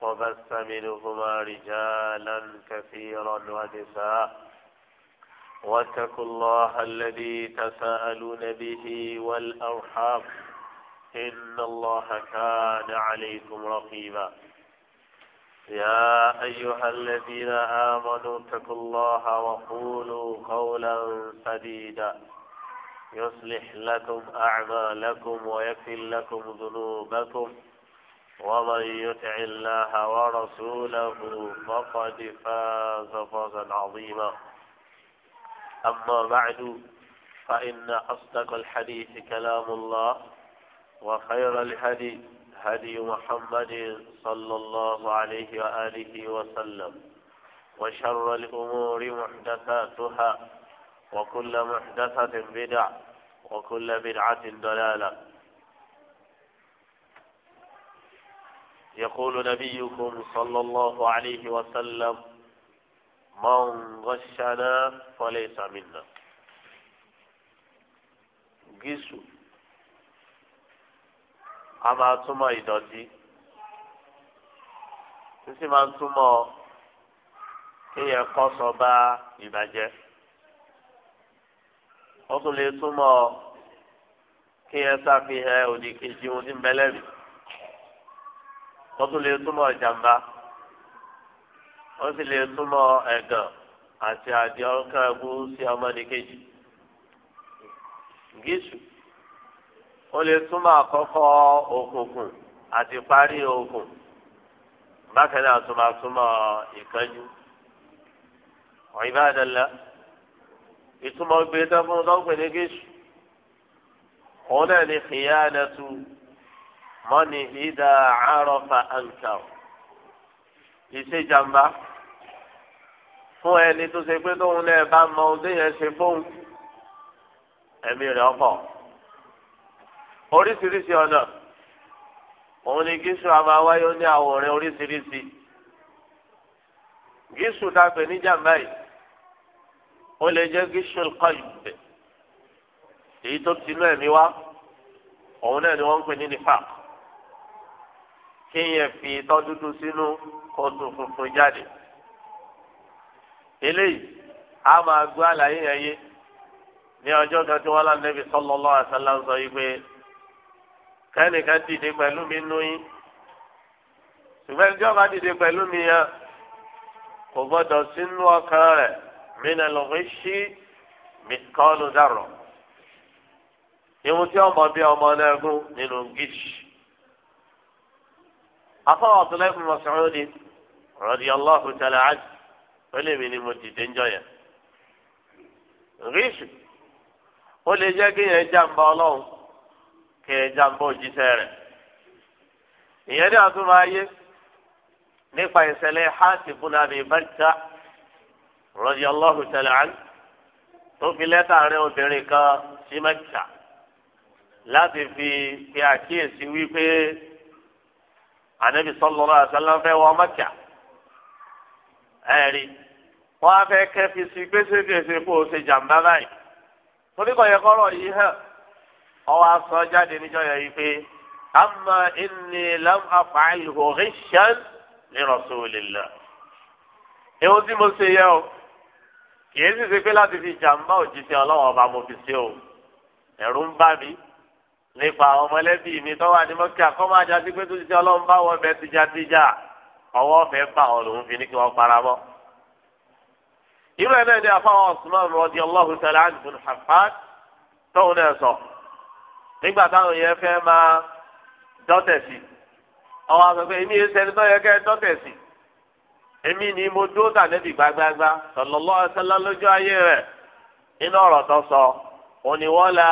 وبث منهما رجالا كثيرا ونساء واتقوا الله الذي تساءلون به والأرحام إن الله كان عليكم رقيبا يا أيها الذين آمنوا اتقوا الله وقولوا قولا سديدا يصلح لكم أعمالكم ويكفر لكم ذنوبكم ومن يطع الله ورسوله فقد فاز فوزا عظيما أما بعد فإن أصدق الحديث كلام الله وخير الهدي هدي محمد صلى الله عليه وآله وسلم وشر الأمور محدثاتها وكل محدثة بدع وكل بدعة ضلالة يقول نبيكم صلى الله عليه وسلم من غشنا فليس منا gíṣù a máa túmọ̀ ìdọ̀tí n sì máa túmọ̀ kéèyàn kọ́sọ̀ bá ìbàjẹ́ ó tún lè túmọ̀ kéèyàn ṣàfihàn òdìkejì ohun tí ń bẹ lẹ́bi tọ́tún lè túmọ̀ ìjàmbá ó sì lè túmọ̀ ẹ̀gàn àti àdì ọ̀kan ẹ̀kú sí ọmọnìkejì. gíṣù ó lè túmọ̀ àkọ́kọ́ òkùnkùn àti parí òkùn bákan náà tó máa túmọ̀ ìkánjú. ìbádàlá ìtumọ̀ gbé tẹ́fún lọ́gbìn ní gíṣù òun náà ní kìíyá náà tún mọ́ni ìdá àárọ̀fà àǹkàr. ìṣèjàmbá fún ẹni tó ṣe pé tóun náà bá mọ ọdún yẹn ṣe fóun ẹ̀mí rẹ̀ ọkọ̀. oríṣiríṣi ọ̀nà òun ni gíṣù àmàwáyé ó ní àwòrán oríṣiríṣi. gíṣù dápẹ́ níjàmbá yìí ó lè jẹ́ gíṣù kọ́ìbẹ̀ èyí tó tinú ẹ̀mí wá òun náà ni wọ́n ń pè ní nífàkù kéèyàn fi itọ́ dúdú sínú kó dùn funfun jáde eléyìí a máa gbọ́ àlàyé yẹn yé ní ọjọ́ kan tí wọ́n lá nẹ́bí sallallahu alaihi wasallam sọ yìí pé kẹ́nìkan dìde pẹ̀lú mi nú yín ṣùgbọ́n ẹni tí wọ́n bá dìde pẹ̀lú mi yẹn kò gbọ́dọ̀ sínú ọkàn rẹ̀ mí nà lọ́wọ́ sí mi kọ́ ló dàrọ̀ ìhun ọmọ bí ọmọ náà gún nínú gíṣì afọwọ́ tó lẹ́kùn mọ̀sán ni radiyallahu ta'ala anhu ó lè mi ni mo dìde ń jọyàn. ríṣù ó lè jẹ́ kí yẹn jàǹbá ọlọ́run kí yẹn jàǹbá òjíṣẹ́ rẹ̀. ìyẹn ní àtúmọ̀ ayé nípa ìṣẹ̀lẹ̀ hàtì fúnra mi bàjá radiyallahu ta'ala anhu tó fi lẹ́tà rẹ̀ obìnrin kan sí mẹ́ta láti fi pe àkíyèsí wípé anabi sọlọlọ asalam fẹ́ wọ Mẹ́kà ẹ̀rí wọn afẹ kẹfì sí gbèsè gbèsè kó o ṣe jàmbá báyìí torí kò yẹ kọrọ yìí hàn ọwọ asọ jáde níjọ́ yẹ yìí pé ama inni lam af'alhu ghishan li rasulillah ewu tí mo ṣe yẹ o kì í sì pé láti fi jàmbá òjijì ọlọ́wọ́ ọba mo fi ṣe o ẹ̀rù ń bá mi nípa ọmọlẹ́bí mi tó wà ní mọ́kíà kọ́ máa jáde pé tó ti jẹ́ ọlọ́run bá wọn bẹ tìjàtìjà ọwọ́ fẹ́ bá wọn lòún fi ní kí wọ́n para mọ́. irú ẹ̀ náà ni àfọwọ́ Usman radiyallahu ta'ala anhu Affan tóun náà sọ nígbà táwọn yẹn fẹ́ máa dọ́tẹ̀ sí ọwọ́ àgbẹ̀fẹ́ èmi yẹn sẹ́ni tó yẹ kẹ́ dọ́tẹ̀ sí èmi ni mo alaihi wasallam lójú ayé rẹ̀ inú ọ̀rọ̀ tó sọ òní wọ́n la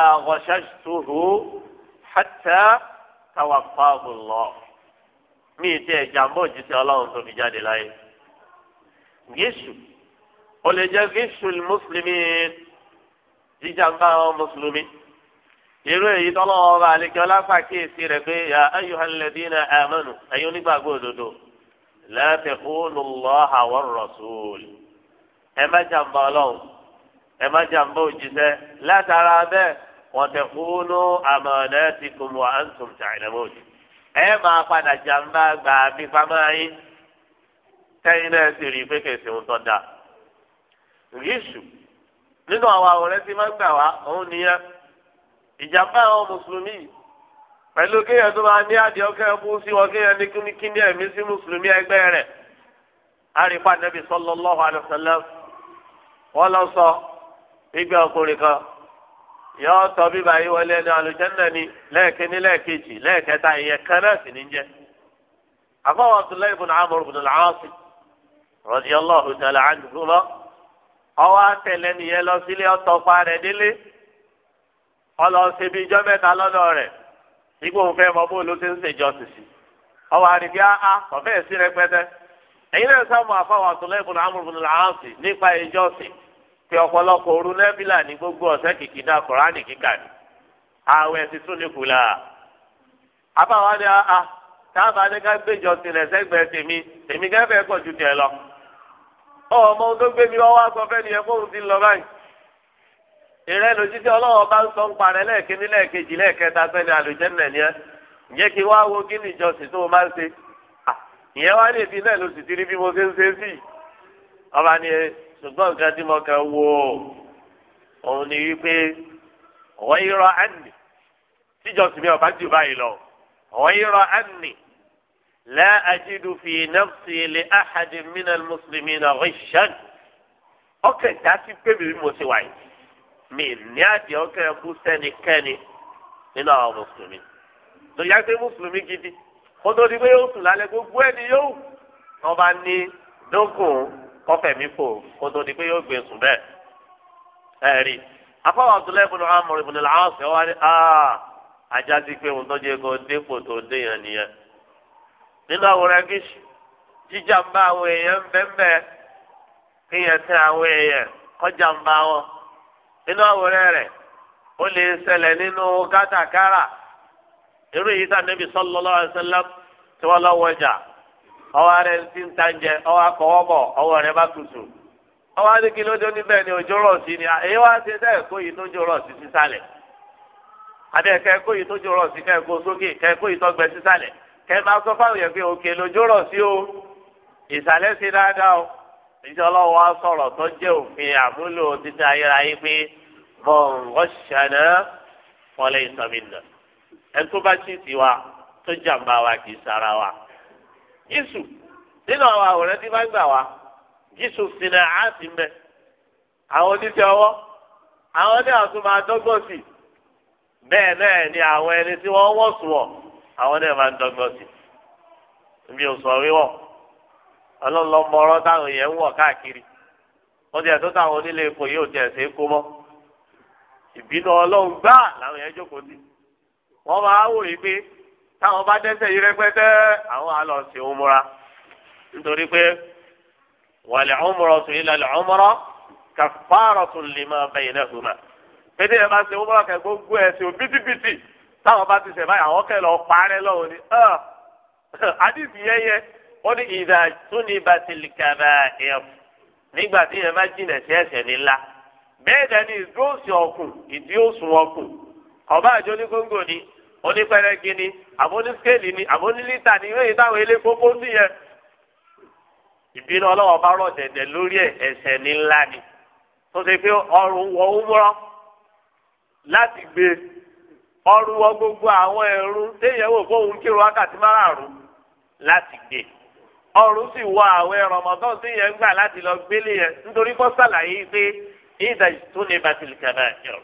hàtà tawaffahu Allah mí ti ẹ̀jà mọ́ òjíṣẹ́ ọlọ́run tó fi jáde láyé. gíṣù ó lè jẹ́ gíṣù mùsùlùmí jíjàmbá àwọn mùsùlùmí irú èyí ọba rẹ̀ pé ya ayyuhal amanu ẹ̀yin onígbàgbọ́ òdodo war rasul ẹ má jàmbá ọlọ́run má jàmbá òjíṣẹ́ wọ́tẹ̀kúnú àmọ̀lẹ́ ti kún wọ́n á ń tún tàìlẹ́mọ́t. ẹ máa padà jàǹbá gba fífamá yín tẹ́yìn náà sì rí pé kèsì da. ríṣù nínú máa ní ní ẹ̀mí sí mùsùlùmí yọ sọ bíbá yìí wọlé ẹni alùjẹ́nà ni lẹ́ẹ̀kíní lẹ́ẹ̀kejì lẹ́ẹ̀kẹta ìyẹn kan náà sì ní jẹ́. àfọwọ́ abdullahi ibùn amr ibùn al-aasi radiyallahu ta'ala anhuma ọwọ́ àtẹlẹ nìyẹn lọ sílé ọtọ pa rẹ̀ délé ọlọ́ọ̀sẹ̀bi ijọ́ mẹ́ta lọ́dọ̀ rẹ̀ igbó òun fẹ́ mọ bó ló ti ń sìsì ọwọ́ kọ̀fẹ́ sí rẹpẹtẹ ẹ̀yin náà sọ tí ọ̀pọ̀lọpọ̀ oru nẹ́fìlà ní gbogbo ọ̀sẹ̀ kìkì dá kọ̀ránì kíkà ní ààwẹ̀ ti tún ní kùlà. àbáwá ni a ah, ah, táàbà ní ká gbéjọ sílẹ̀ sẹ́gbẹ̀ẹ́ tèmi tèmi kẹ́fẹ́ pọ̀ ju tẹ̀ lọ. ọmọ tó gbé mi wá wá sọ fẹ́ ni ẹ fóun ti lọ báyìí. ọlọ́wọ́ bá ń sọ ń parẹ́ lẹ́ẹ̀kíní lẹ́ẹ̀kejì lẹ́ẹ̀kẹta ni ṣùgbọ́n nǹkan tí mo kàn wo òun ni wípé ọ̀wọ́n yìí rọ ànì tíjọsìn mi ọ̀bá jù báyìí lọ ọ̀wọ́n yìí rọ ànì la ajidu fi nafsi li ahadin minal muslimina ghishan ọkẹ́ ìdásí pé mi mo ṣe wáyé mi ní àdì ọkẹ́ ẹkú sẹ́nikẹ́ni nínú àwọn mùsùlùmí lóyún mùsùlùmí gidi kótó ni pé yóò sùn lálẹ́ gbogbo ẹni yóò wọ́n ní dókòó. kọfẹ mi fò kótó di pé yóò gbé sùn bẹ́ẹ̀ ẹ rí afọwọ Abdullahi ibn Amr ibn al-As wá ní aa ah, ajá sí pé òun tọjú ego dépò tó dé yẹn nìyẹn nínú àwòrán gíṣì jíjà ń bá àwọn èèyàn bẹ́ẹ̀ kéèyàn tẹ àwọn èèyàn kọjá ń bá wọn nínú àwòrán rẹ̀ ó lè ṣẹlẹ̀ nínú kátàkárà irú yìí tá Nabi sallallahu alaihi wasallam tí ọwọ́ rẹ̀ ti ń tanjẹ ọwọ́ akọwọ́ bọ̀ ọwọ́ rẹ̀ bá tutù ọwọ́ adékin lójó níbẹ̀ ni òjò rọ̀ sí ni èyí wá ṣe sẹ́ẹ̀ kó yìí lójó rọ̀ sí sísàlẹ̀ àbí ẹ̀kẹ́ kó yìí lójó rọ̀ sí kẹ́ẹ̀kọ́ sókè kẹ́ẹ̀kọ́ yìí tọ́gbẹ́ sísàlẹ̀ kẹ́ẹ̀ máa sọ fáwọn yẹn pé òkè lójó rọ̀ sí o ìsàlẹ̀ sí dáadáa o ìjọ ọlọ́wọ́ wa sọ̀rọ̀ tó jẹ́ òfin àmúlò títí ayérayé pé mọ̀ọ́ṣánná wọlé ìsọ̀mìnà ẹ̀ tó bá ṣì tiwa tó jàǹbá wa kì í sara wa. jésù nínú àwọn àwòrán tí máa ń gbà wá jésù na á ti mẹ àwọn oníṣẹ́ ọwọ, àwọn ní àtún máa dọ́gbọ́n sí bẹ́ẹ̀ náà ni àwọn ẹni tí wọ́n wọ̀ sùn àwọn náà máa ń dọ́gbọ́n sí mi ò sọ wíwọ̀ ọlọ́lọ́mọọ́rọ́ táwọn yẹn ń wọ̀ káàkiri wọ́n ti ẹ̀tọ́ táwọn onílé epo yìí ò ti ẹ̀sẹ̀ kó mọ́ ìbínú gbáà wọ́n máa wò pé táwọn bá dẹ́sẹ̀ yìí rẹpẹtẹ àwọn á sí umra nítorí pé ila al lima baynahuma pété ẹ bá ṣe umra kẹ gbogbo ẹ ṣe si táwọn bá ti ṣe báyìí àwọn kẹ lọ parẹ́ lọ́wọ́ ni àdìsí ah, yẹyẹ ó ní ìdá nígbà tí yẹn bá jìnà sí nílá dání ọkùn ọba àjọ ní onípẹrẹgì ni àbónískéèlì ni àbónílítà ni ìwé ìtàwọn ilé kókó sí yẹn ìbínú ọlọ́wọ́ bá rọ̀ dẹ̀dẹ̀ lórí ẹ̀ ẹ̀sẹ̀ ní ńlá ni tó ṣe pé ọrùn wọ òmùrọ̀ láti gbé ọrùn wọ gbogbo àwọn ẹ̀rú téèyàn wò fóun kírun wákàtí márààrún láti gbé ọrùn sì wọ àwọn ẹ̀rọ̀mọ̀tọ́ téèyàn gbà láti lọ gbélé yẹn nítorí kó sàlàyé pé ìdá ìtúnibàtìlì kàbà ẹ̀rọ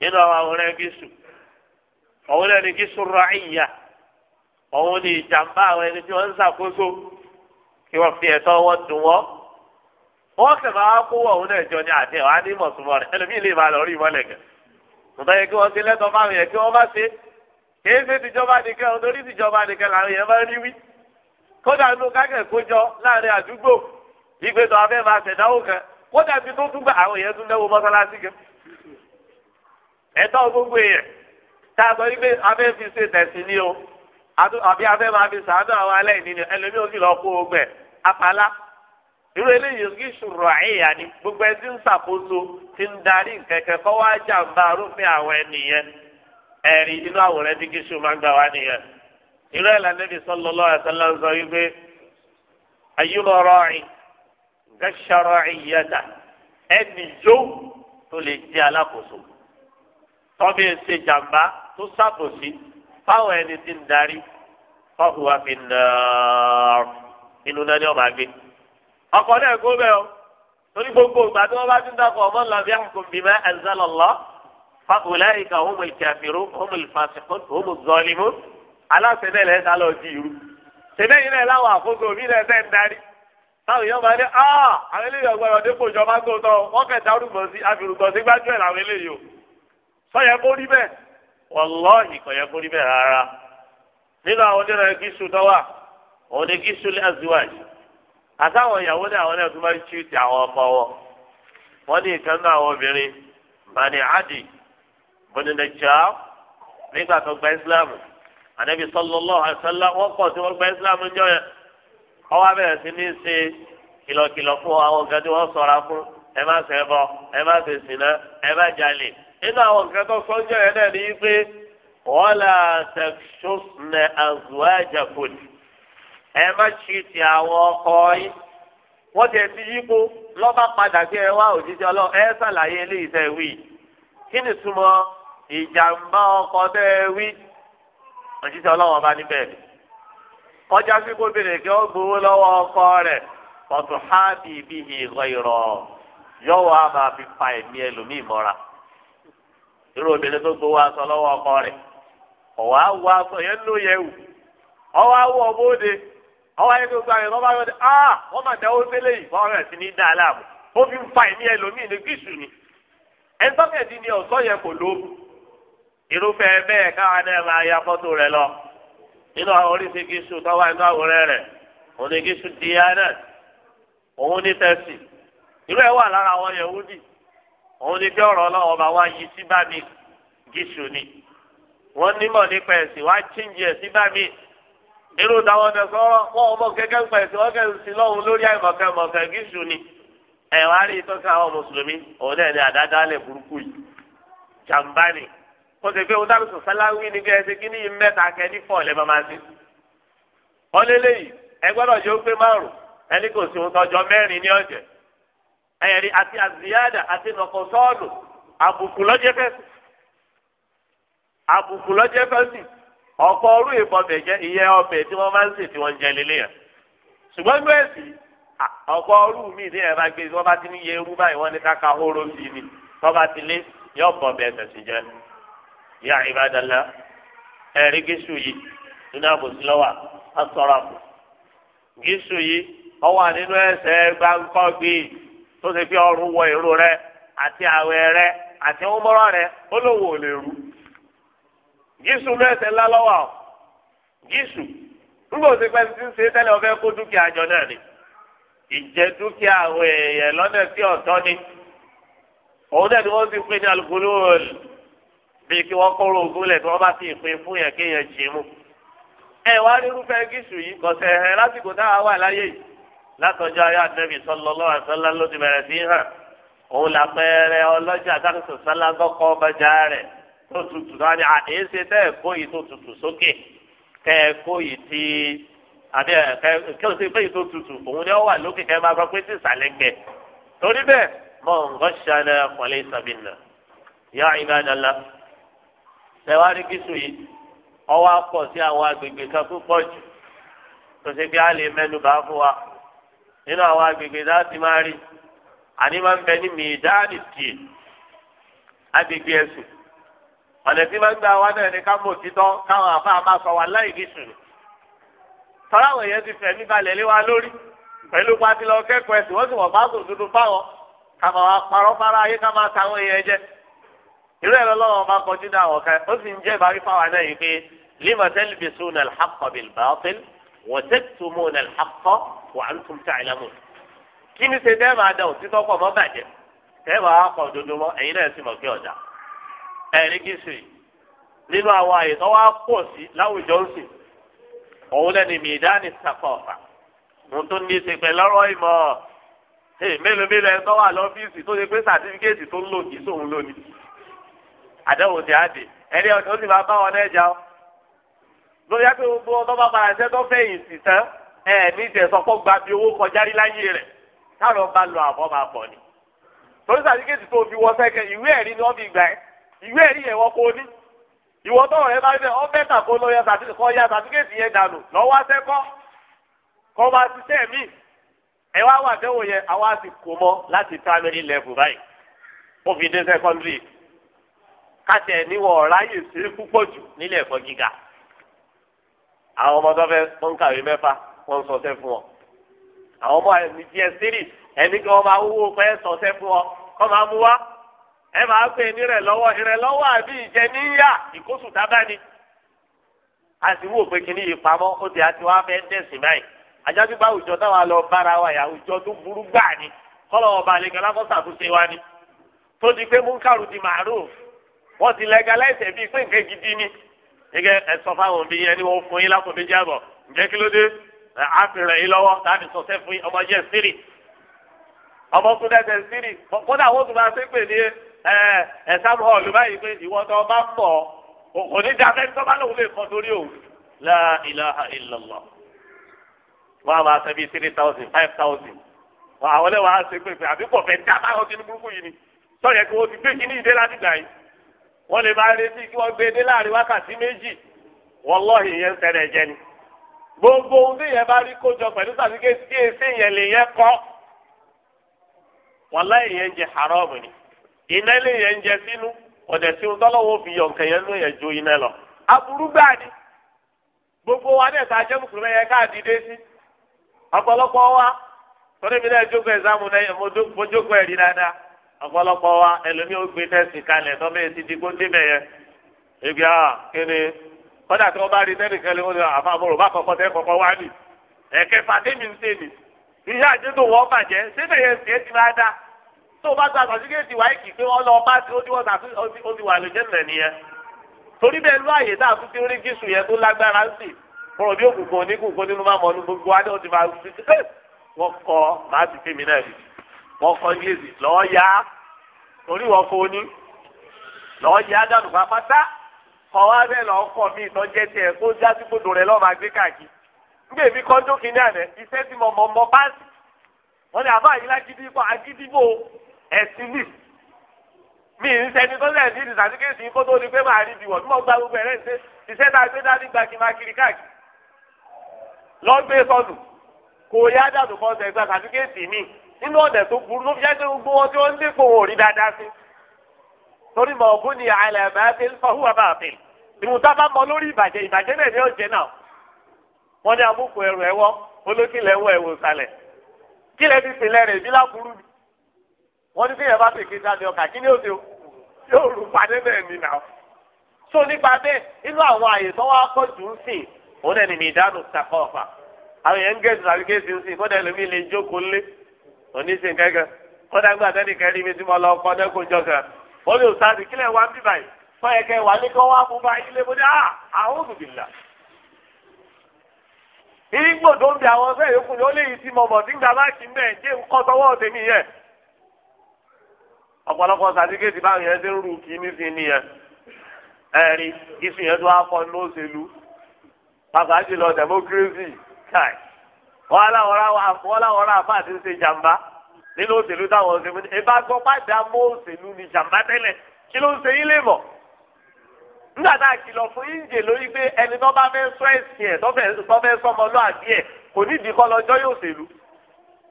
nínú òun náà ní kí sọ̀rọ̀ àyíyá òun ní ìjàmbá àwọn ẹni tí wọ́n ń ṣàkóso kí wọ́n fi ẹ̀tọ́ wọn dùn wọ́n. wọ́n kẹ̀kọ́ á kó òun náà jọ ní àdé wọn á ní mọ̀sùmọ̀ rẹ̀ ẹlòmíì lè máa lọ rí ìmọ̀lẹ̀ gẹ̀. nǹkan yẹ kí wọ́n ṣe lẹ́tọ̀ọ́ fáwọn yẹn kí wọ́n bá ṣe kìí ṣe tìjọba nìkan òun torí tìjọba nìkan làwọn yẹn máa rí wí. kódà inú kákẹ́ kójọ láàrin àdúgbò ìgbésọ̀ abẹ́ máa ṣẹ̀dáwó tá a sọ wípé abẹ́ fi ṣe tẹ̀sí ni o àbí abẹ́ máa fi sàánú àwọn aláìní ni ẹlòmíì ó sì lọ kó o gbẹ apala irú eléyìí kì í ṣòro àìyá ni gbogbo ẹ ti ń ṣàkóso ti ń darí kẹ̀kẹ́ kọ́ wá jàǹbá arúfin àwọn ẹnìyẹn ẹ̀rí inú àwòrán ti kí ṣù máa ń gbà wá nìyẹn irú ẹ̀ lànàbí sallallahu alaihi wasallam ń sọ wípé ayyuma ra'i gasha ra'iyata ẹnì jó tó lè jẹ́ alákòóso tọ́bí ẹ̀ ṣe jàǹbá tó sàbòsí fáwọn ẹni tí ń darí fọ́ọ̀kù wa fi nàá inú náà ni ọba gbé ọkọ náà kó bẹ́ẹ̀ o torí gbogbo ìgbà tí wọ́n bá ti ń dàkọ̀ ọmọ ńlá bí àkùkù bímọ anzalallah فأولئك هم الكافرون هم الفاسقون هم الظالمون على سبيل هذا لو جيرو سبيل هذا لو أخذوا من هذا الداري táwọn èèyàn máa ní áà ah, àwọn eléyìí ọgbà ọdẹ kò jọba eléyìí o wàlláhì kò yẹ kó rí bẹ́ẹ̀ rárá nínú àwọn onírọ̀ gíṣù tó wà òun ni gíṣù lé azuwaj àtàwọn ìyàwó ní àwọn ẹ̀dùn máa ń tú ti àwọn ọmọ adi bọ́nìlẹ̀jà anabi gba islamu ń jọ ọ nínú àwọn nǹkan tó sọ́jọ́ yẹn náà ní pé wọ́n là ẹ má ṣe ti àwọn ọkọ yín wọ́n ti yípo padà kí ẹ wá òjíṣẹ́ ẹ ṣàlàyé eléyìí ni ìjàmbá ọkọ wí ọba ni kọjá sí ọkọ rẹ̀ ọ̀tún hábì bíi fa ẹlòmíì irú obìnrin tó gbowó aṣọ lọ́wọ́ ọkọ rẹ̀ ọ̀wá wọ aṣọ yẹn ló yẹ wù ọwọ́ awọ bóde ọwọ́ ayé gbogbo ah wọ́n máa dáwọ́ sílẹ̀ yìí sí ní dáa ala ó fi ń fa ẹ̀mí ní gíṣù ni ni ọ̀sọ́ kò ló irúfẹ́ bẹ́ẹ̀ káwọn máa ya fọ́tò lọ nínú oríṣi tọ́wọ́ rẹ̀ ni òun ní irú ẹ̀ wà òun ni bí ọ̀rọ̀ ọlọ́wọ́ bá wá yí sí bá mi gíṣù ni wọ́n nímọ̀ nípa ẹ̀sìn wá chíǹjì ẹ̀ sí bá mi irú táwọn ọ̀dẹ̀ sọ̀rọ̀ wọn ò mọ̀ kẹ́kẹ́ nípa ẹ̀sìn wọ́n sí lọ́hùn lórí àìmọ̀kẹ́ mọ̀kẹ́ gíṣù ni ẹ̀ wá rí ìtọ́ka àwọn mùsùlùmí òun náà ni àdádálẹ̀ burúkú yìí ni wọ́n ti gbé wọn dábì sáláwí ni bí kíní yìí máa ẹ̀rí àti àzíyáda àti nọ̀kọ̀sọ́ọ̀lù àbùkù lọ́jẹ́ fẹ́sì àbùkù lọ́jẹ́ fẹ́sì ọ̀pọ̀ ọrú ìbọn bẹ̀jẹ́ ìyẹn ọbẹ̀ tí wọ́n máa ń sè tí wọ́n ń jẹ lélẹ̀ yẹn ṣùgbọ́n ní ẹ̀sì ọ̀pọ̀ ọrú mi ní ẹ̀rọ agbé tí wọ́n bá ti ní iye ewu báyìí wọ́n ní káka hóró sí i ni wọ́n bá ti lé yọ bọ̀ bẹ̀ ẹ̀sẹ̀ sí jẹ́ yá ìbádàlá ẹ̀rí gíṣù yìí nínú àbòsí lọ́wà á sọ̀rọ̀ àbò gíṣù yìí ọwọ́ nínú ẹ̀sẹ̀ gbáǹkọ́ gbé tó ṣe fi ọrùn wọ rẹ àti àwẹ̀ rẹ àti ọmọrọ rẹ ó lè rú mẹsẹ ńlá lọ́wọ́ ọ gíṣù nígbà òsè pẹ ti ń ṣe tẹ́lẹ̀ ọfẹ kó dúkìá jọ náà ni ìjẹ dúkìá àwọn èèyàn lọ́nà tí ni òun náà ni ti pè ní bíi kí kóró tí bá ti pè fún yẹn kéèyàn ẹ wá yìí ẹ lásìkò táwa wà látọjọ́ ayé àtẹbí sọlọ lọ́wọ́ àtọlá ló ti bẹ̀rẹ̀ sí hàn òun là pẹẹrẹ ọlọ́jà sáfìsì sálágọkọ ọbàjá rẹ tó tutù náà ni àdéhùn tẹ ẹ kó yìí tó tutù sókè kẹ ẹ kó yìí tí àbí ẹ kẹ kí o sì pé yìí tó tutù òun ni ó wà lókè kẹ máa gbọ́ pé tí ìsàlẹ̀ gbẹ torí bẹ́ẹ̀ mọ nǹkan ṣàlẹ ọkọlẹ ìsàbìnà yá ìbádàlá ṣẹwárí gíṣù yìí ọwọ́ àpọ̀ sí àwọn agbègbè kan púpọ̀ jù tó ṣe pé a lè mẹ́nu fún wa nínú àwọn agbègbè tá a ti máa rí àní máa ń bẹ ní mìdáàdì tiẹ̀ agbègbè ẹ̀sùn ọ̀nà tí máa ń gba wa náà ni ká mọ̀ títọ́ káwọn àfáà máa sọ wa láì ní sùn tọ́lá àwọn ti fẹ̀mí balẹ̀ lé wa lórí pẹ̀lú pati kẹ́kọ̀ọ́ ẹ̀sìn wọ́n sì wọ́n bá sùn dúdú fáwọn ká máa parọ́ fara ayé ká máa ta àwọn èèyàn jẹ irú ẹ̀ lọ́wọ́ máa kọjú dá àwọn kan ó sì ń jẹ́ ìbárí fáwọn náà yìí pé lima tẹ́lifíṣù nàlhàkọ́ bìlbàtìl wọ́n tẹ́tùmù nàlhàkọ́ wà á tún tà ìlànà kí ni ṣe bẹ́ẹ̀ máa dá òtítọ́ pọ̀ mọ́ bàjẹ́ bẹ́ẹ̀ máa pọ̀ dodo mọ́ ẹ̀yin náà sì mọ̀ kí ọ̀dà ẹ̀rí kì í sè nínú àwọn àyè tó wá pọ̀ sí láwùjọ ń sìn òun lẹ́ni mìdánì sàkọ̀ọ̀fà mo tún ní í ṣe pẹ̀lú ọ̀rọ̀ ìmọ̀ mélòó mélòó ẹ̀ tó wà lọ́fíìsì tó ṣe pé sàtífíkẹ́ẹ̀tì tó ń lò kì í sóun lónìí àdéhùn ti àdè ẹni ọ̀dọ́ sì máa bá wọn náà jà ọ́ lórí ẹgbẹ́ gbogbo ọba bàbá àṣẹ tó fẹ̀yìn tán ẹ ní ìtẹ̀sọ́kọ́ gba bí owó kọjá rí láyé rẹ̀ táwọn bá lọ àbọ̀ máa pọ̀ ni. torí sàtíkẹ́tì tó fi wọ sẹ́kẹ̀ ìwé ẹ̀rí ni wọ́n fi gbà ẹ́ ìwé ẹ̀rí yẹn wọ́n kó ní. ìwọ tọrọ yẹn bá rí bẹ́ẹ̀ ọ bẹ́ẹ̀ tà kó lọ yẹ sàtíkẹ́tì yẹn dànù lọ́wọ́ asẹ́kọ́ kọ́ máa ṣiṣẹ́ míì ẹ wá wà dẹ́wò yẹn àwa sì kó mọ́ láti primary level báyìí ó fi dé secondary kátẹ níwọ̀ ráyè sí púpọ̀ jù nílẹ̀ ẹ̀kọ́ gíga àwọn ọmọ tó fẹ́ tó ń kàwé mẹ́fà wọ́n sọ fún ọ. àwọn ọmọ ẹ̀mí tiẹ̀ sírì máa wúwo pé fún ọ máa mú wá. ẹ máa pè ní rẹ̀ lọ́wọ́ ìrẹ̀ lọ́wọ́ àbí ìjẹníyà ìkóṣù tábàní. a sì wò pé kíní yìí pamọ́ ó ti àti wá fẹ́ dẹ̀sìn báyìí. àjọ́jú bá àwùjọ táwa lọ bára wa yà àwùjọ tó burú gbà ni ọba wa ni. tó di pé di ti legalize pé nǹkan gidi ni. fáwọn òbí yẹn ni àfihàn yìí lọ́wọ́ láti sọ sẹ́ fún ọmọ jẹ́ sírì ọmọ tún dẹ́sẹ̀ sírì kódà wọ́n tún máa ṣépè ní ẹ̀sán hall báyìí pé ìwọ tó bá pọ̀ kò ní dáfẹ́ tó bá lòun lè kọ́ torí òun la ilaha illallah wọ́n á máa sẹ́bi three thousand five thousand wọ́n àwọn ẹlẹ́wọ̀n á ṣépè pé àbí pọ̀ fẹ́ dá báwọn ti ní burúkú yìí ni sọ̀rọ̀ kí wọ́n ti gbé kíní ìdè láti gbà yìí wọ́n lè máa retí kí wọ́n gbé dé láàrin wákàtí méjì wallahi ìyẹn ń tẹ̀lé gbogbo ohun tí yẹn bá rí kójọ pẹ̀lú sàtìkẹ́ èsì yẹn lè yẹn kọ́ yẹn jẹ haram ni iná lè yẹn jẹ sínú ọ̀dẹ̀ tí tọ́lọ́wọ́ fi yọ nǹkan yẹn ló yẹn ju iná lọ. aburú gbáà ni gbogbo wa ta yẹn sí ọ̀pọ̀lọpọ̀ wa mi náà jókòó ẹ̀sámù náà mo jókòó ẹ̀rí dáadáa ọ̀pọ̀lọpọ̀ wa ẹlòmíì ó gbé kalẹ̀ kọ́dà tí wọ́n bá rí tẹ́nìkan lé wọ́n ní àfa àbọ̀rọ̀ bá kọ́kọ́ tẹ́ kọ́kọ́ wá nì ẹ̀kẹfà tẹ́mi ń tẹ́ nì ìyá àjẹtò wọ́n bàjẹ́ síbẹ̀ yẹn sì é ti máa dá tó bá gba sàtúkẹ́tì wáyé kì í pé wọ́n lọ bá tí ó ti wọ́n sàtú ó ti wà lójẹ́ nà nìyẹn torí bẹ́ẹ̀ lọ àyè náà tún ti rí gíṣù yẹn tó lágbára ń sì kọ̀rọ̀ bí òkùnkùn oníkùnkùn nínú máa ọwọ́ abẹ́ lọ kọ́ mi ìtọ́jẹ́ tiẹ̀ kó já sí gbòdò rẹ̀ lọ́ọ́ máa gbé káàkiri nígbà èmi kọ́ jókè ní àná iṣẹ́ tí mo mọ̀ mọ́ báàsì wọ́n ní àbá yìí lágídí kọ́ agídígbò ẹ̀sìn mi mi ń sẹ́ni tó lẹ̀ ní ìsàdíkèsì yìí kó tó di pé máa rí diwọ̀ tí mo gba gbogbo ẹ̀rẹ́ ṣe iṣẹ́ tá a gbé dání gba kí n máa kiri káàkiri lọ́gbẹ́ sọnù kò yá dànù kọ́ ọ̀sẹ̀ gba sàdíkèsì mi nínú ọ̀dẹ̀ tó burú ló fi jẹ́ pé gbogbo wọn tí wọ́n ń dé kò wọ́n rí dáadáa sí torí mọ̀ ni àlẹ́ bàtìl fọwọ́ bàtìl ìmùtá bá mọ lórí ìbàjẹ́ ìbàjẹ́ náà ni ó jẹ náà wọ́n ní ẹrù ẹ̀wọ́ olókìlẹ̀ ẹ̀wọ́ kí rẹ̀ ni wọ́n ní kéèyàn bá fi kéta ní ọkà kí ni ó ti yóò rú bẹ́ẹ̀ ni náà so nípa bẹ́ẹ̀ inú àwọn àyè tó wá jù ú òun náà ni mi ìdánù sàkọ́ àwọn ń tàbí lè jókòó lé òní kẹ́kẹ́ wọ́n lè sáàdì kílẹ̀ wá bí báyìí fún ẹ̀kẹ́ wà ní kí wọ́n wá mú bá ilé mo ní à ah, àwọn òdùbìlà. ìgbò tó ń bi àwọn ọ̀sẹ̀ yòókù ni ó lè yìí ti mọ̀ mọ̀ nígbà bá kí mẹ́ẹ̀ dé nǹkan tọwọ́ tèmi yẹn. ọ̀pọ̀lọpọ̀ sàdíkètì báwọn yẹn ti ń rú kí ní sin nìyẹn. ẹ̀rí ìsìn yẹn tó wá kọ́ ní òṣèlú pàápàá jùlọ democracy wọ́n láwọn ra àfáà ti ń ṣe nínú òṣèlú táwọn ọ̀sẹ̀ mi ní ẹ bá gbọ́ pàdé amó òṣèlú ní jàmbá tẹ́lẹ̀ kí ló ń ṣe yín lè mọ̀ nígbà tá a kìlọ̀ fún yíǹjẹ lórí pé ẹni tó bá fẹ́ sọ ẹ̀sìn ẹ̀ tó fẹ́ sọmọ lọ́àbí ẹ̀ kò ní ìdí kọ́ lọ́jọ́ yóò ṣèlú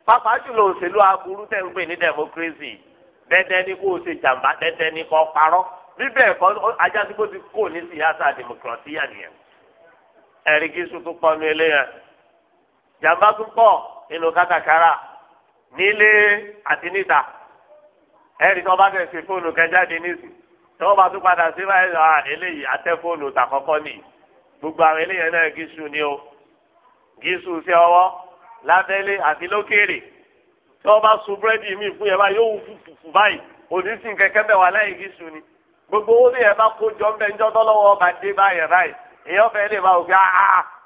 pàápàá jùlọ òṣèlú aburú tẹ̀ ń pè ní democracy dẹ́dẹ́ ní kó o ṣe jàmbá dẹ́dẹ́ ní kó parọ́ bíbẹ̀ ẹ̀kọ́ ajá tí kò ti kó ní síyáṣà democracy nìyẹn ẹ̀rí kí sùn tún pọ̀ ní eléyàn jàmbá tún pọ̀ nínú kátàkárà nílé àti níta ẹ̀rí tí wọ́n bá tẹ̀ ṣe fóònù kẹjáde nísì tí wọ́n bá tún padà sí báyìí lọ eléyìí atẹ́ fóònù tàkọ́kọ́ nì gbogbo àwọn eléyìí náà gíṣù ni o gíṣù sí ọwọ́ lábẹ́lé àti lókèrè tí wọ́n bá sun búrẹ́dì míì fún yẹn báyìí yóò wù fùfù báyìí onísìn kẹ̀kẹ́ bẹ̀ wà láyé gíṣù ni gbogbo owó tí yẹn bá kó jọ ńbẹ ńjọ́ tọ́lọ́wọ́ ọba dé báyẹn báyìí èèyàn fẹ́ lè máa wò pé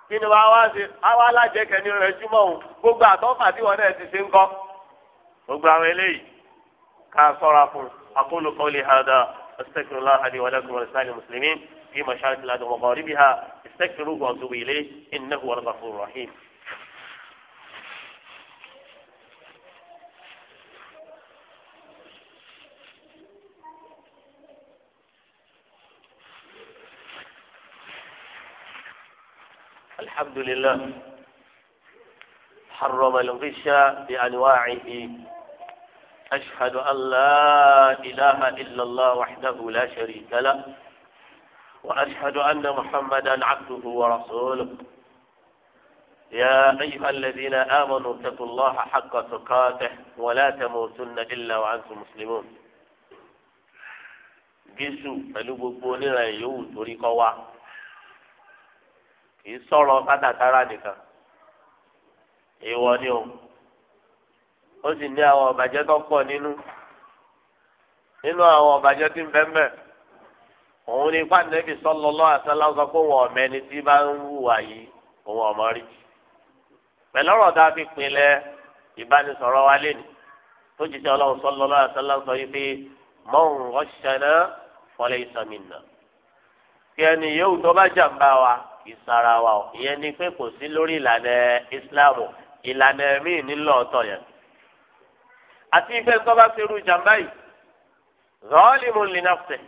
kí ni wàá wá ṣe àwa alájẹkẹ rẹ júmọ́ وقعوا إليه كأصور أقول قولي هذا أستكر الله لي ولكم ولسان المسلمين في مشارك الأدو مغاربها استكروا وأتوب إليه إنه الغفور الرحيم الحمد لله حرم الغش بأنواعه أشهد أن لا إله إلا الله وحده لا شريك له وأشهد أن محمدا عبده ورسوله يا أيها الذين آمنوا اتقوا الله حق تقاته ولا تموتن إلا وأنتم مسلمون gíṣù pẹ̀lú gbogbo onírànyìn تريقوا torí kọ́ wa èèwọ̀ ni o ó sì ní àwọn ọ̀bàjẹ́ tó pọ̀ nínú nínú àwọn ọ̀bàjẹ́ tí ń bẹ mẹ́ òun ni ipá nẹ́bí sallallahu alaihi wasallam sọ pé òun ọ̀mẹ́ ni tí bá ń hùwà yìí òun ọ̀mọ́ rí pẹ̀lú ọ̀rọ̀ tá a fi pinlẹ̀ ìbánisọ̀rọ̀ wa lẹ́nu tó jíjẹ́ ọlọ́run sallallahu alaihi wasallam sọ yìí pé man ghashana falaysa minna kí ẹni yóò tó bá jàǹbá wa ìsara wa ìyẹn ni pé kò sí lórí ìlànà ìsìláàmù ìlànà ẹ̀mí nílọ́ọ̀tọ̀ yẹn àti ìfẹ́ tó bá ṣerú jàmbá yìí zọ́ọ́lìmù lìnàfẹ́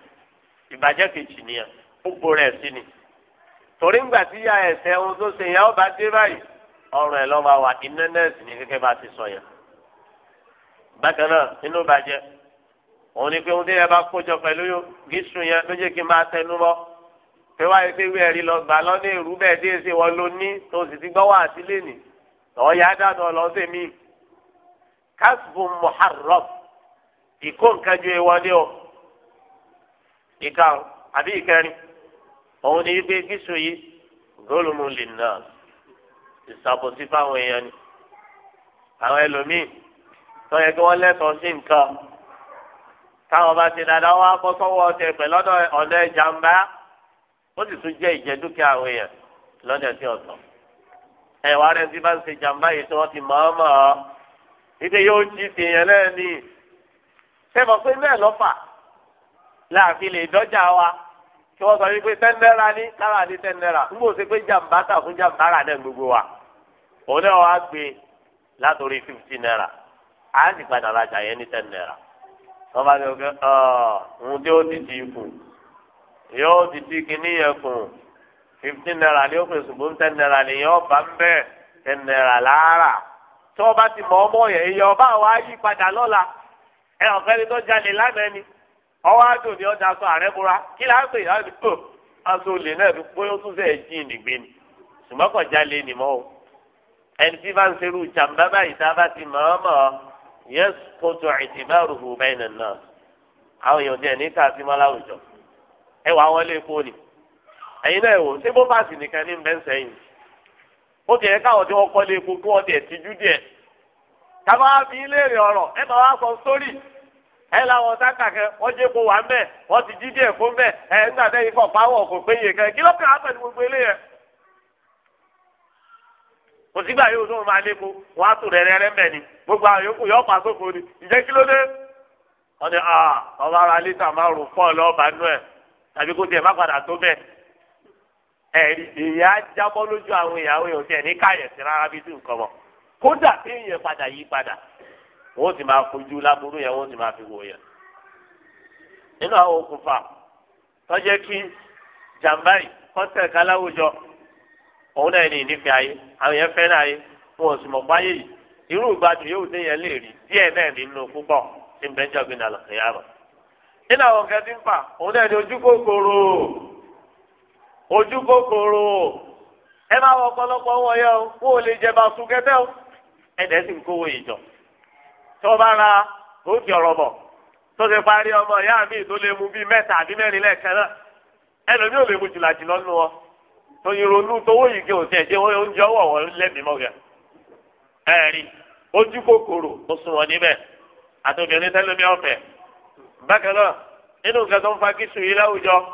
ìbàjẹ́ kejì nìyẹn gbogbo rẹ̀ sí ni torí ńgbà tí ya ẹ̀sẹ̀ ohun tó ṣe yẹn ó bá dé báyìí ọrùn ẹ̀ lọ́wọ́ wa iná náà sì ní gẹ́gẹ́ bá ti sọ yẹn bákan náà inú bàjẹ́ òun ni pé ohun tí yẹn bá kójọ pẹ̀lú gíṣù yẹn ló jẹ́ kí n máa tẹnu mọ́ pé wáyé pé wíwẹ̀rí lọ gbà lọ́nà èrú bẹ́ẹ̀ dé ṣe wọ́n ló tó sì ti gbọ́ wá àtìlẹ́yìn lọ́ọ̀yà dànù ọlọ́sẹ̀ mi kásìbù muharram ìkó nǹkan ju ìwọlé o ìkarùn àbí ìkẹrin òun ni wípé gíṣù yìí gólùmù lè nà ìsàbòsí fáwọn èèyàn ni àwọn ẹlòmíì tó yẹ kí wọ́n lẹ́tọ̀ọ́ sí nǹkan táwọn bá ti dáadáa wọ́n á bọ́ sọ́wọ́ ọtẹ pẹ̀lú ọ̀nà ìjàmbá ó sì tún jẹ́ ìjẹ́ àwọn èèyàn lọ́dẹ̀ sí ọ̀tọ̀ ẹ̀wà rẹ̀ ti bá ń ṣe jàmbá yìí tí wọ́n ti mọ̀ ọ́ ìdè yóò jí tèèyàn lẹ́ẹ̀ni sẹ́mọ̀ pé náà lọ́fà láàfin lè dọ́jà wa tí wọ́n sọ wípé ten ní kára ní ten ń bò ṣe pé jàmbá tà fún jàmbá rà náà gbogbo wa òun náà wàá gbé látòrí fifty naira á sì padà rajà yẹn ní ten wọ́n bá ní ọ̀gá ọ̀hún tí ó ti ti kù yóò ti ti kíní yẹn kù fifteen naira ni ó pè ṣùgbọ́n ten naira ni yẹn ọba ń bẹ̀ ten naira lára tó o bá ti mọ ọmọ yẹn iye ọba wa yí padà lọ́la ẹ ọ̀fẹ́ ni tó jalè lánàá ni ọwọ́ àdùn ni ọjà sọ ààrẹ búra kí láà pè yá ni pò aṣọ olè náà fi pé ó tún fẹ́ jí ìnìgbé ni ṣùgbọ́n kò jalè ni mọ́ o ẹni tí bá ń ṣerú jàmbá báyìí tá a bá ti mọ̀ ọ́ mọ̀ ọ́ yẹn kó tó ìtìmọ́ àrùhù bẹ́ẹ̀ nà náà àwọn èèyàn tiẹ̀ ní tààtì mọ́ láwùjọ ẹ wà wọlé kó ni. ẹ̀yin na wò ṣé bó bá sì nìkan ní bẹ́ẹ̀ sẹ́yìn ó ti yẹ káwọn tí wọ́n kọ́lé epo kí wọ́n tiẹ̀ tijú díẹ̀ kàmá fi léèrè ẹ bá wa sọ sórí ẹ làwọn sáka kẹ wọ́n jẹ́ kó wà ti jí díẹ̀ fún mẹ ẹ nígbà tẹ́ ikọ pawọ́ kò péye kẹ kí ló kẹ́ wá pẹ̀lú gbogbo kò sígbà yóò tó máa lépo ni gbogbo àwọn yòókù yóò pa ni kí ló dé. ẹ̀rí èyí á jábọ́ lójú àwọn ìyàwó yòó tiẹ̀ ní káyọ̀sí rárá bí tún kọ́ mọ́ kódà tí padà yí padà wọ́n sì máa fojú yẹn wọ́n fi wò yẹn. nínú àwọn okùnfà tọ́jẹ́ kí jàǹbá yìí kọ́ńtẹ̀ jọ òun náà ní ìnífẹ̀ ayé àwọn yẹn fẹ́ràn ayé wọn ò sì mọ̀ báyé yìí irú ìgbádùn yóò dé lè rí díẹ̀ náà nínú púpọ̀ tí ń nínú àwọn ń fà òun náà ní ojú kòkòrò ẹ máa wọ ọ̀pọ̀lọpọ̀ wọn o kó o lè jẹba sun o ẹdẹ sì ń kówó ìjọ tí wọn bá ra ó tó ti parí ọmọ ìyá mi tó lè mu bíi mẹta àbí mẹ́rin lẹ́ẹ̀kan náà ò lè mu ọ tóyin ronú tówó yìí kí o jẹ oúnjẹ wọn ojú kòkòrò ó wọn bákan náà nínú nǹkan tó ń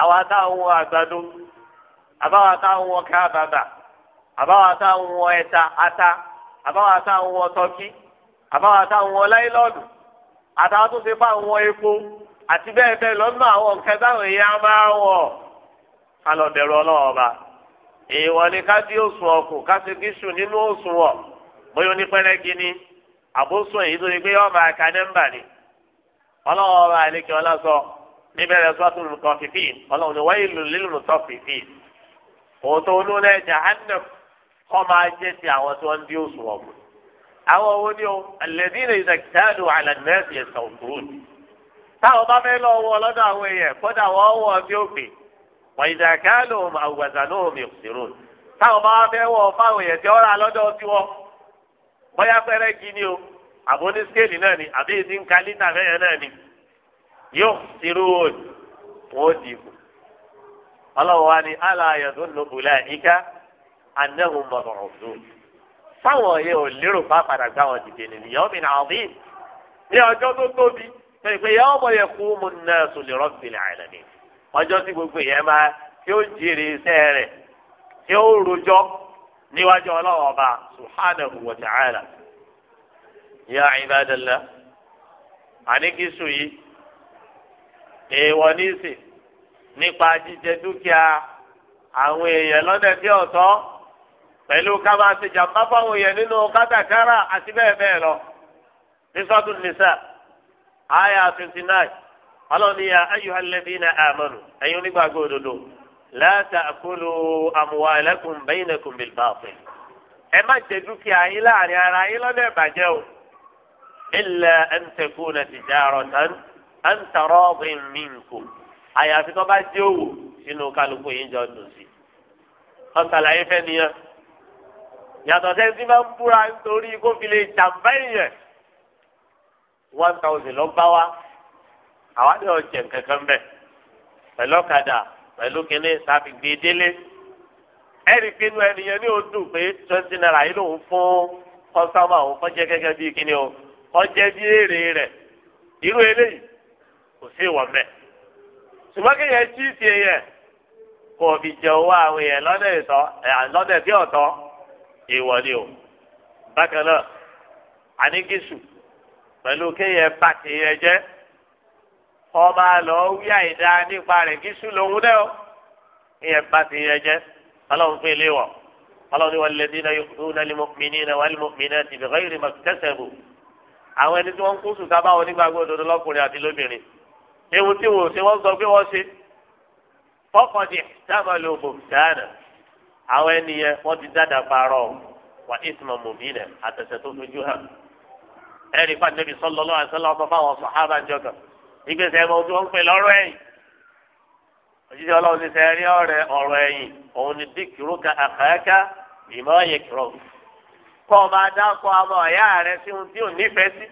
àwa táwọn wọ àgbàdo àbáwa táwọn wọ káàbàbà àbáwa táwọn wọ ẹta ata àbáwa táwọn wọ tọkí àbáwa táwọn wọ láìlọ́ọ̀dù àtàwọn tó ṣe fún àwọn epo àti bẹ́ẹ̀ bẹ́ẹ̀ lọ́nà àwọn nǹkan táwọn èèyàn máa wọ̀ lọ ọlọ́wọ́ bá èèwọ̀ ni òsùn ọkùn gíṣù nínú òsùn wọ̀ bóyá àbóṣùn èyí tó ní ni ọlọ́wọ́ bá níbẹ̀rẹ̀ sọ́tò lùkọ́ fífi ọlọ́run ni wáyé lùlílù tó fífi òótọ́ olóòlẹ̀ jahannam kọ́ máa jẹ́ ti àwọn tí wọ́n ń di oṣù ọ̀gbìn. àwọn owó ni o alladhina ìdàkítàdù àlànàṣì ẹ̀sà òkúrùn. táwọn bá fẹ́ lọ wọ lọ́dọ̀ àwọn èèyàn kódà wọ́n wọ̀ bí òkè wọ́n ìdàkálò àwùgbàsánù mi yóò sírú wọn ó dìbò ọlọ́wọ́ wa ni aláyọ̀dọ́ lóbulẹ̀ ìka anáhùn mọ̀tọ̀ọ̀dọ́ fáwọn yẹn ò lérò bá gbá wọn dìde nìyí yọ̀ọ́ mi náà bí ní ọjọ́ tó tóbi pẹ̀lú pé yọ̀ọ́ mọ̀ yẹ kú mu náà sùn lè rọ́ọ̀bì ọjọ́ tí gbogbo yẹn máa tí ó jèrè iṣẹ́ rẹ̀ tí ó rojọ́ níwájú ọlọ́wọ́ ọba yìí. èèwọ̀ níìsì nípa jíjẹ dúkìá àwọn èèyàn lọ́dẹ tí ọ̀tọ́ pẹ̀lú ká si ṣe jàmbá èèyàn nínú kátàkárà àti bẹ́ẹ̀ bẹ́ẹ̀ lọ. nísọ́tún nìṣà àyà ya nine ọlọ́ni ya ayyuhal ladhina amanu onígbàgbọ́ òdodo la ta'kulu amwalakum bainakum bil batil. ẹ má jẹ dúkìá yín láàrin ara yín lọ́dẹ ìbàjẹ́ o à ń tọrọ ọ̀gbìn mi nkù àyàfi sinu bá dé òwò sínú kálukú yìí jọ dùn sí ọ̀sàlàyé fẹ́ máa ń búra nítorí kó fi lè jàǹbá èèyàn one thousand wa àwa ni ọ̀jẹ̀ kankan bẹ̀ pẹ̀lú kínní pinnu ẹnìyẹn ní naira yìí o bíi èrè kò sí ìwọ mẹ ṣùgbọ́n kéèyàn tí ì yẹ kò fi jẹ owó àwọn èèyàn lọ́dẹ̀ ìtọ́ lọ́dẹ̀ tí ọ̀tọ́ ìwọ o bákan náà àníkìsù pẹ̀lú kéèyàn bá kéèyàn jẹ́ ọba lọ wí àìdá nípa rẹ̀ kìsù lòun náà kéèyàn bá kéèyàn jẹ́ ọlọ́run fún ilé wọ̀ ọlọ́run ni walladhina yu'dhuna al-mu'minina wal-mu'minati bighayri maktasabu àwọn ẹni tí wọ́n ń kó sùn tábàwọn onígbàgbọ́ òdodo lọ́kùnrin àti lóbìnrin ewu tí wò ṣe wọ́n sọ pé wọ́n ṣe fọkàndì tábàlì òbòmùtánà àwọn ènìyàn wọ́n ti dáadáa parọ́ wà ìsìmọ̀ mòmìnà àtẹ̀sẹ̀ tó fojú hàn ẹ̀rí fún àdébí sọlọ lọ́wọ́ àṣọlọ́ ọ̀sán fáwọn sọ̀hábà jọ̀gàn ìgbésẹ̀ ẹ̀mọ́ tí wọ́n ń pè lọ́rọ̀ ẹ̀yìn òjijì ọlọ́run ti sẹ́rí ọ̀rẹ́ ọ̀rọ̀ ẹ̀yìn òun ni dìkìrú ka àkàkà ìmọ̀ yẹ̀kìrọ̀ kọ́ ọ máa dákọ̀ ọmọ ọ̀yá rẹ sí ohun tí ò nífẹ̀ẹ́ sí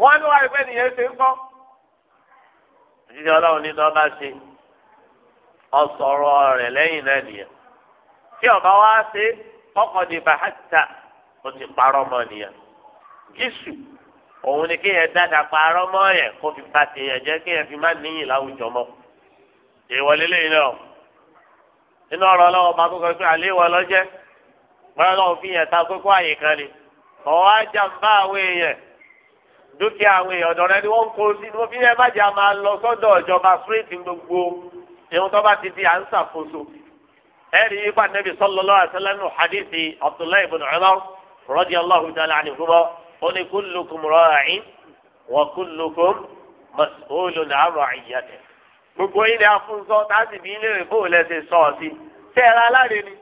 wọ́n ní wàá rí pé nìyẹn ṣe ń kọ́ títí ọlọ́run ní lọ́ọ́ bá ṣe ọ̀sọ̀rọ̀ rẹ̀ lẹ́yìn náà nìyẹn tí ọba wá ṣe ọkọ̀dé bàtà ó ti parọ́ mọ́ nìyẹn gíṣù òun ni kéèyàn dáadáa parọ́ mọ́ yẹn kó fi ba tèèyàn jẹ́ kéèyàn fi má níyìn láwùjọ mọ́ ìwọlé lẹ́yìn náà nínú ọ̀rọ̀ tó àlẹ́ ìwọ lọ́jẹ́ gbọ́dọ̀ fi yẹn ta kókó àyè kan ni ọ̀wá jàǹbá àwọn dúkìá àwọn èèyàn ọ̀dọ̀ rẹ ni wọ́n ń kó sí wọ́n fi ẹ a máa lọ gbogbo ìhun tó bá ti di à ń ẹ rí i pa nẹ́bí sallallahu alaihi wasallam hadithi abdullahi ibn umar radiyallahu ta'ala anhuma ó ní kullukum ra'in wa kullukum mas'ulun gbogbo ilé afúnṣọ táàsì bí ilé rẹ̀ fóònù ole sọ ọ sí tẹ́ẹ̀rẹ́ aláre ni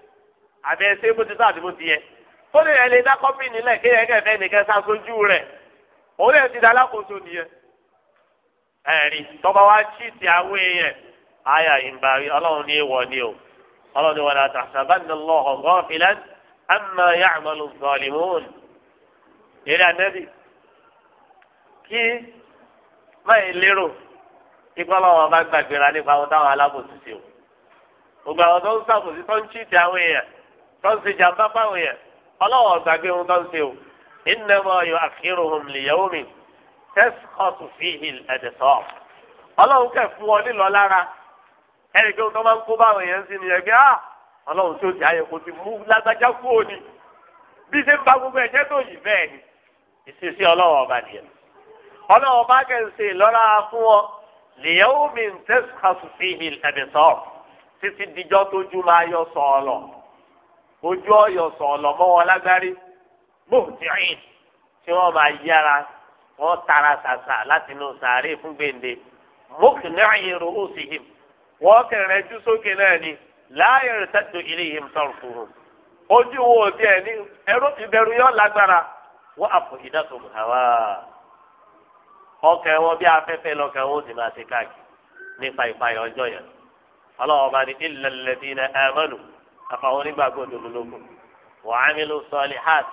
òun yẹn ti di nìyẹn ẹ̀rí wa ṣì ti àwọn èèyàn àyà ìbárí ọlọ́run ní ìwọ ni o ọlọ́run ní wọn náà tahsabanna Allaha ghafilan amma ya'malu zalimun eré anẹ́bí kí báyìí lérò ipa ọlọ́run ọba gbàgbéra nípa àwọn alábòsí sí o ń tó ń ti tó ń ṣe jàmbá fáwọn إنما يؤخرهم ليوم تسخط فيه الأبصار ọlọ́run kẹ́ fún ọ nílọ lára ẹnì kí wọn tó máa ń kó báwọn èèyàn sí nìyẹn gbé ah ọlọ́run tó ti ayẹ kó ti mú lágbájá kú òní bí ṣe ń ba gbogbo ẹ̀jẹ̀ tó yìí bẹ́ẹ̀ ni ìṣesí ọlọ́run ọba nìyẹn ọlọ́run ọba kẹ́ ń ṣe ìlọ́ra fún ọ lèyẹ́wò mi ń tẹ́síkàsù sí ìhìl ẹ̀bẹ̀sọ̀ títí dijọ́ tójú máa yọ sọ̀ọ̀lọ̀ ojú ọ̀yọ̀ sọ̀ọ̀lọ̀ mọ́ wọn lágbárí mọ̀tìrín tí wọ́n máa yára wọ́n tara sàṣà láti inú sàárè fún gbèǹde mọ̀kìnrin ròó sí him wọ́n kẹrẹ̀ ju sókè náà ni láàyè rẹ̀ tẹ́tù ilé yìí sọ̀rọ̀ fòrò ojú wo òbí ẹ̀ ní ẹ̀rọ ìbẹ̀rù yọ lágbára wọ́n àpò ìdásọ̀ hàwá ọkàn wọn bí afẹ́fẹ́ lọ́kàn wọn ó sì máa ṣe káàkiri nípa ìpayọ̀ ọjọ́ yẹn ọlọ́wọ́n bá ní ilẹ̀ lẹ́bí ní ẹ̀mọ́nù àfàwọn onígbàgbọ́ òdòdó lóko wàá mílò sọ́ọ́lì hàtì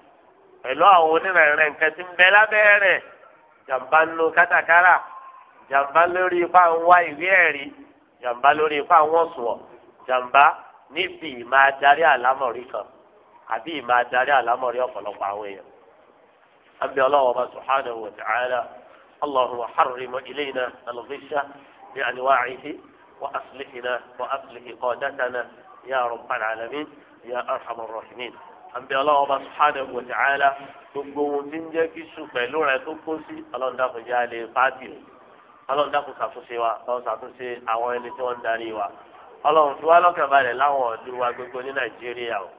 pẹ̀lú àwọn onírẹ̀rẹ̀ nǹkan tí ń bẹ lábẹ́rẹ̀ jàǹbá ń lo kátàkárà jàǹbá lórí ipá ń wá ìwé ẹ̀rí jàǹbá lórí ipá ń wọ́n sùn ọ̀ jàǹbá níbi ìmáa darí àlámọ̀rí kan àbí ìmáa darí àlámọ̀rí ọ̀pọ̀lọpọ̀ àwọn èèyàn. àbí ọlọ́wọ́ bá subhanahu wa ta'ala allahumma harrim ilayna al-ghisha bi'anwa'ihi wa aslihna wa aslih qadatana ya rabbal àbí ọlọ́wọ́ bá subhanahu wa ta'ala gbogbo ohun tí ń jẹ́ kí sùn pẹ̀lú rẹ̀ tó kó sí ọlọ́run dákun já lè fáàtì o ọlọ́run dákun ṣàtúnṣe wa ọlọ́run ṣàtúnṣe àwọn ẹni tí wọ́n ń darí wa ọlọ́run fi wá lọ́kàn balẹ̀ láwọn ọ̀dùn wa gbogbo ní nàìjíríà o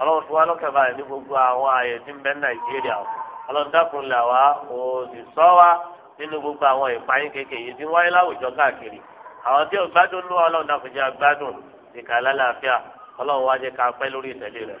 ọlọ́run fi wá lọ́kàn balẹ̀ ní gbogbo àwọn ààyè tí ń bẹ nàìjíríà o ọlọ́run dákun là wá o sì sọ wa nínú gbogbo àwọn ìpayín kékeré yìí tí wáyé láwùjọ káàkiri àwọn tí ò gbádùn ní ọlọ́run dákun já gbádùn ìkàlálàáfíà ọlọ́run wá jẹ́ ká pẹ́ lórí ìtẹ̀lé rẹ̀